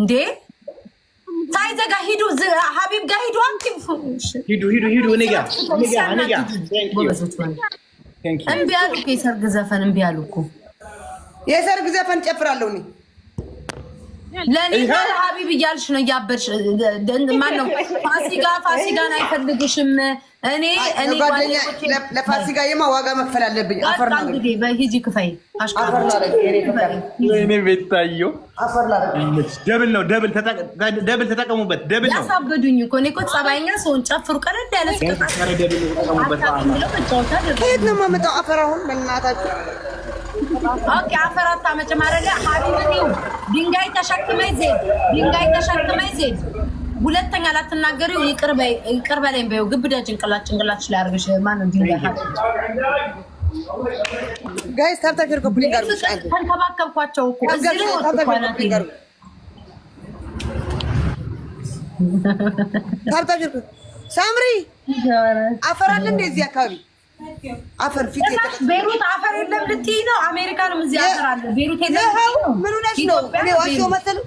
እንዴ ሳይዘጋ ሂዱ፣ ሀቢብ ጋር ሂዱ። ሂዱ ሂዱ ሂዱ። እኔ ጋር እምቢ አሉ እኮ የሰርግ ዘፈን እምቢ አሉ እኮ የሰርግ ዘፈን ጨፍራለሁ እኔ ለእኔ ሀቢብ እያልሽ ነው። እያበድሽ ማነው ፋሲካ ፋሲካን አይፈልግሽም እኔ እኔ ለፋሲካዬማ ዋጋ መክፈል አለብኝ። አፈር በሂጂ ክፈይ። አፈር ነው እኔ አፈር ደብል ነው ደብል ደብል ተጠቀሙበት። ደብል ነው ያሳበዱኝ እኮ እኔ እኮ ጸባይኛ ሰውን ጨፍሩ። ቀለል ያለ ከየት ነው የማመጣው አፈር አሁን በእናታችሁ ኦኬ አፈር አታመጭም አይደለ? ሀቢብቲው ድንጋይ ተሸክመኝ ዜድ ድንጋይ ተሸክመኝ ዜድ ሁለተኛ ላትናገሪው ይቅር በለኝ በይው። ግብዳ ጭንቅላት ጭንቅላትሽ ላይ አድርገሽ ማነው ጋይስ ተንከባከብኳቸው እኮ ሳምሪ አፈር እንደ እዚህ አካባቢ አፈር ፊት ቤሩት አፈር የለም ልትይ ነው? አሜሪካንም እዚህ አፈር አለ ቤሩት የለም። ምን ነው? እኔ ዋሽው መሰለኝ።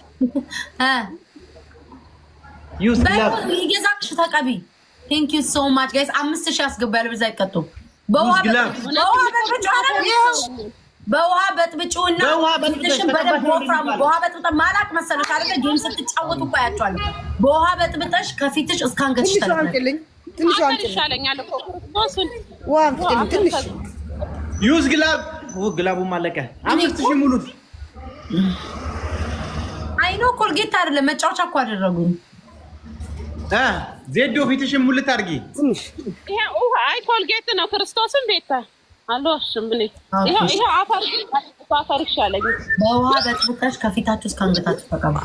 የገዛሽ ተቀቢ። ቴንክ ዩ ሶ ማች ጋይስ። አምስት ሺህ አስገባያለሁ። በዛ ይቀጡ። በውሃ በጥብጭውና ሽን በደንብ በውሃ በጥብጠ ማላቅ መሰለሽ ጌም ስትጫወቱ እኮ አያቸዋለሁ። በውሃ በጥብጠሽ ከፊትሽ እስከ አንገትሽ ዩዝ ግላብ ግላቡ አምስት ሺህ ሙሉት አይ ነው ኮልጌት አይደለም መጫወቻ እኮ አደረጉኝ። ዜዶ ፊትሽን ሙልት አድርጊ። አይ ኮልጌት ነው ክርስቶስን ቤታ አልዋሽም። እኔ አፈር ይሻለኝ። በውሃ በጥብቀሽ ከፊታችሁ እስከ አንገታችሁ ተቀባ።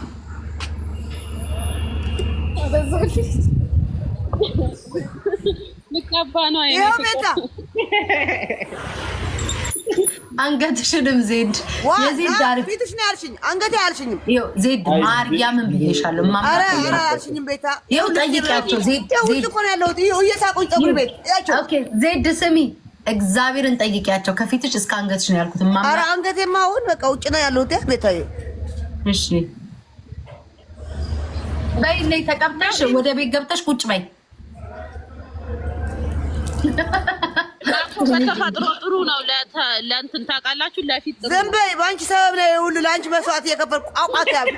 ልቀባ ነው ቤታ አንገትሽንም ዜድ የዜድ አሪፍ ፊትሽ ነው ያልሽኝ። አንገቴ አልሽኝም። ይኸው ዜድ ማርያምን ብዬሻለሁ። አልሽኝም። ቤታ ይኸው ጠይቂያቸው። ዜድ ስሚ፣ እግዚአብሔርን ጠይቂያቸው። ከፊትሽ እስከ አንገትሽ ነው ያልኩት። ኧረ አንገቴማ አሁን በቃ ውጭ ነው ያለሁት ቤታዬ። እሺ በይ ተቀብተሽ ወደ ቤት ገብተሽ ቁጭ በይ። በተፈጥሮ ጥሩ ነው ለእንትን ታውቃላችሁ። ለፊት ዝም በይ። በአንቺ ሰበብ ሁሉ ለአንቺ መስዋዕት እየከፈልኩ አውቃት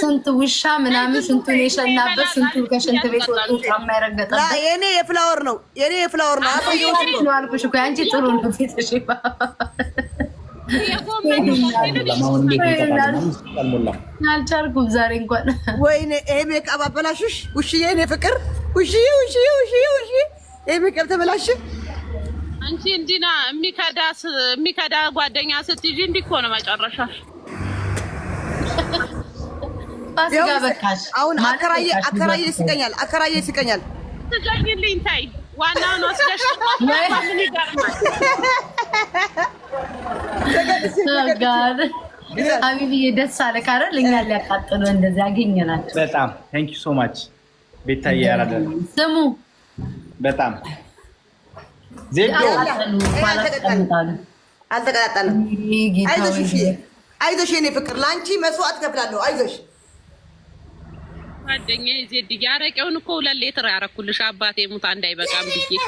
ስንት ውሻ ምናምን ስንቱን የሸናበት ስንቱ ከሽንት ቤት ወጥቶ የኔ የፍላወር ነው የኔ የፍላወር ነው። አልኩሽ እኮ አንቺ ጥሩ ነው ፊትሽ አልቻልኩም ዛሬ እንኳን ወይኔ ይሄ ሜካፕ አበላሽሽ ውሽዬ ፍቅር ውሺ ውሺ ውሺ ውሺ ይሄ ሜካፕ ተበላሽ። አንቺ እንዲና የሚከዳ ጓደኛ ስትይጂ እንዲህ እኮ ነው መጨረሻሽ። አሁን አከራዬ አከራዬ ይስቀኛል፣ አከራዬ ይስቀኛል። ትገኝልኝ ታይ ዋናውን ወስደሽ ምን ይገርማል። አቢብዬ ደስ አለ ካረል እኛ ሊያቃጥሉ እንደዚህ ያገኘናቸው በጣም ታንኪ ሶ ማች ቤታዬ ስሙ በጣም አልተቀጣጠለም። አይዞሽ አይዞሽ፣ የኔ ፍቅር ለአንቺ መስዋዕት ከፍላለሁ። አይዞሽ እኮ ሁለት ሌትር ያረኩልሽ አባቴ ሙት አንድ ብዬ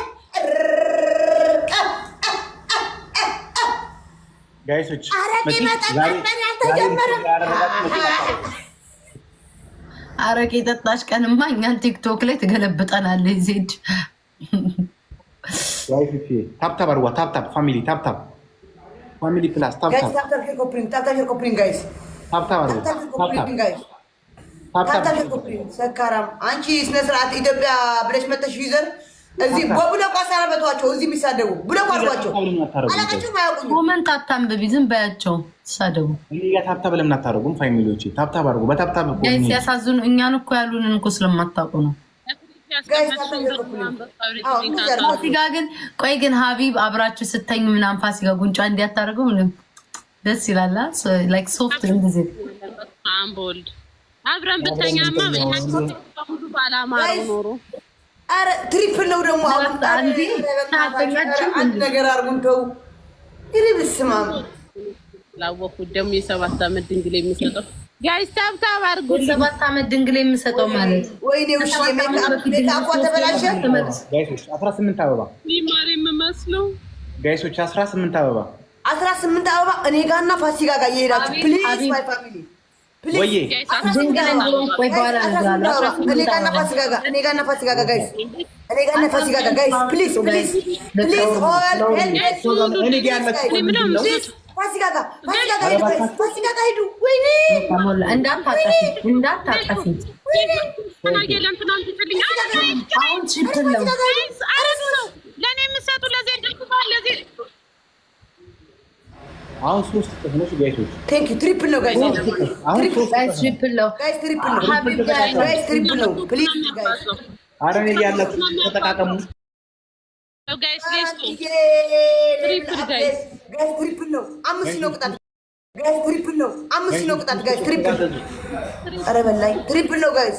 ጋይሶች አረቄ የጠጣሽ ቀንማ እኛን ቲክቶክ ላይ ትገለብጠናለች። ዜድ ታብታብ አድርጓ። ታብታብ ፋሚሊ ታብታብ ፋሚሊ ፕላስ ታብታብ ሰካራም አንቺ ስነስርዓት ኢትዮጵያ ብለሽ መተሽ ይዘር እዚህ በቡለቅ አሳራ በተዋቸው። እዚህ የሚሳደቡ ቡለቅ አድርጓቸው። አላቃቸውም፣ አያውቁኝም። ኮመንት አታንብቢ፣ ዝም በያቸው። ሳደቡ ታብታብ ለምን አታደርጉም? ፋሚሊዎች ታብታብ አድርጉ። በታብታብ ሲያሳዝኑ እኛን እኮ ያሉንን እኮ ስለማታውቁ ነው። ፋሲካ ግን ቆይ ግን ሀቢብ አብራችሁ ስተኝ ምናምን ፋሲካ ጉንጫ እንዲያታደርገው ምንም ደስ ይላላ። ሶፍት ጊዜ አብረን ብተኛማ ሁሉ በአላማ ኖሩ አረ ትሪፕል ነው ደግሞ አንድ ነገር አርጉን ተው። ይርብስማም ላወኩት ደግሞ የሰባት ዓመት ድንግል የሚሰጠው ጋይስ ታብታብ አርጉ። የሰባት ዓመት ድንግል የሚሰጠው ማለት ወይኔ ውሽ ሜካፏ ተበላሸ። አስራ ስምንት አበባ ማር የምመስለው ጋይሶች አስራ ስምንት አበባ አስራ ስምንት አበባ እኔ ጋና ፋሲካ ጋር እየሄዳችሁ ፕሊዝ ማይ ፋሚሊ እንዳታጠፊ አሁን ሶስት እጥፍ ነው ቴንክ ዩ ትሪፕል ነው ጋይስ፣ ትሪፕል ነው ጋይስ፣ ትሪፕል ነው ጋይስ፣ ትሪፕል ነው ፕሊዝ ጋይስ። ኧረ እኔ እያላችሁ ተጠቃቀሙ ትሪፕል ነው አምስት ነው ቅጣት ጋይስ፣ ትሪፕል ኧረ በላኝ፣ ትሪፕል ነው ጋይስ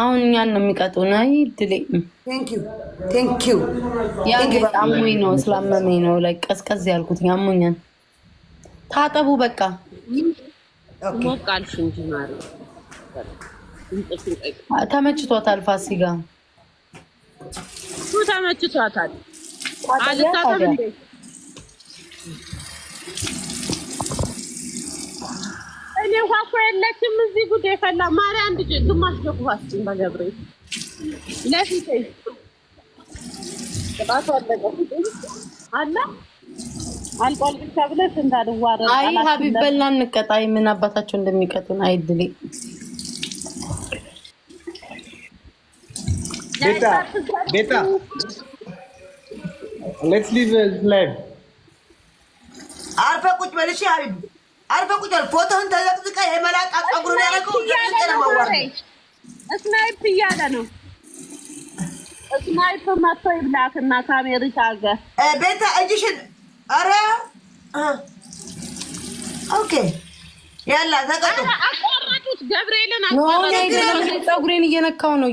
አሁን እኛን ነው የሚቀጡን። አይ ድሌ አሞኝ ነው ስላመመኝ ነው ላይ ቀዝቀዝ ያልኩት አሞኛል። ታጠቡ በቃ ተመችቷታል። ፋሲካ ተመችቷታል። እኔ እንኳ እኮ የለችም እዚህ ጉድ ፈላ። ማሪ አንድ ጅ ግማሽ ዶክፋችን በገብሬ ለፊቴ ቅጣቱ አለቀ አለ አልቋል ብቻ ብለህ ስንት አልዋረ አይ ሀቢብ በላ እንቀጣ። ምን አባታቸው እንደሚቀጡን አይድሌ ቤታ ቤታ ሌትስ ሊቭ ላይቭ አርፈ ቁጭ በልሽ ሀቢብ አርፈ ቁጭል ፎቶህን ተዘቅዝቀ የመላጣ ጸጉሩን ያደረገው ስናይፕ እያለ ነው። ስናይፕ መጥቶ ይብላክና ቤታ እጅሽን ኧረ ኦኬ ያላ ተቀጡ አቋረጡት። ገብርኤልን ጸጉሬን እየነካው ነው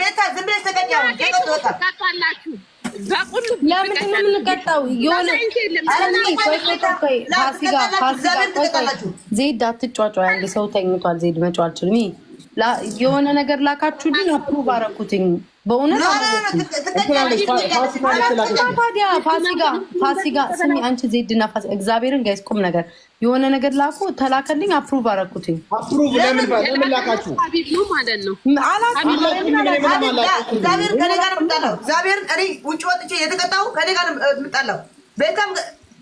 ቤታ ዝም ብለሽ ተቀጫ ተቀጡ ወጣ ለምንድን ነው የምንቀጣው? ዜድ አትጫጫ። ያለ ሰው ተኝቷል። ዜድ መጫው አልችልም። የሆነ ነገር ላካችሁልኝ አፕሩቭ አረኩትኝ በእውነት ፋሲጋ ስሚ አንቺ ዜድና እግዚአብሔርን ጋይስ ቁም ነገር የሆነ ነገር ላኩ ተላከልኝ፣ አፕሩቭ አረኩትኝ። አፕሩቭ ለምን ላካችሁ? እግዚአብሔርን እኔ ውጭ ወጥቼ የተቀጣሁ ከኔ ጋር የምጣላው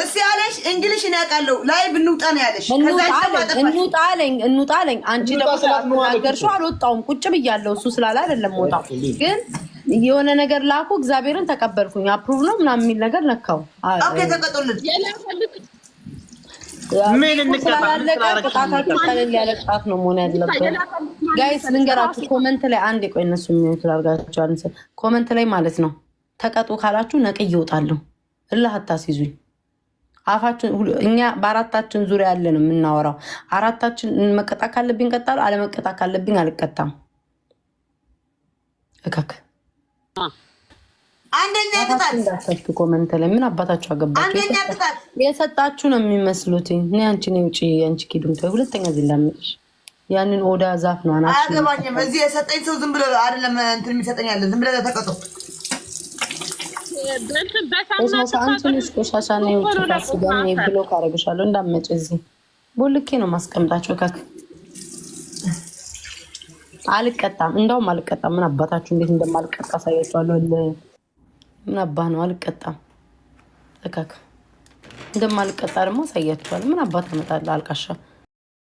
እስ ያለሽ እንግሊሽ እኔ አውቃለሁ። ላይቭ እንውጣ ነው ያለሽ። እንውጣ አለኝ፣ እንውጣ አለኝ። አንቺ ደግሞ ስላትናገርሽው አልወጣሁም፣ ቁጭ ብያለሁ። እሱ ስላለ አይደለም ወጣው፣ ግን የሆነ ነገር ላኩ። እግዚአብሔርን ተቀበልኩኝ። አፕሩቭ ነው ምናምን የሚል ነገር ነካው። ተቀጡልን ምን ስላላለቀ ቅጣታችሁ ቀለል ያለ ቅጣት ነው መሆን ያለበት። ጋይስ ልንገራችሁ፣ ኮመንት ላይ አንድ የቆይ እነሱ የሚሆኑት ላርጋቸዋል። ኮመንት ላይ ማለት ነው ተቀጡ ካላችሁ ነቅ እወጣለሁ። እልህ አታስይዙኝ። አፋችን እኛ በአራታችን ዙሪያ ያለ ነው የምናወራው አራታችን መቀጣ ካለብኝ ቀጣሉ፣ አለመቀጣ ካለብኝ አልቀጣም። እካክ አንደኛ ቅጣት ኮመንት ላይ ምን አባታችሁ አገባችሁ? የሰጣችሁ ነው የሚመስሉት። እኔ አንቺን የውጭ አንቺ ኪዱም ተይ፣ ሁለተኛ ዚህ እንዳምጥሽ ያንን ኦዳ ዛፍ ነው አናሽ አገባኝም። እዚህ የሰጠኝ ሰው ዝም ብሎ አይደለም እንትን የሚሰጠኝ አለ። ዝም ብለ ተቀጦ ሳንትንሽ ቆሻሻ ነው የውጭ ፋሲጋ ብሎክ አደርግሻለሁ። እንዳመጭ እዚህ ቦልኬ ነው ማስቀምጣቸው። ከክ አልቀጣም፣ እንደውም አልቀጣም። ምን አባታችሁ እንዴት እንደማልቀጣ አሳያችኋለሁ። ምን አባ ነው አልቀጣም። ከክ እንደማልቀጣ ደግሞ አሳያችኋለሁ። ምን አባት አመጣለሁ አልቃሻ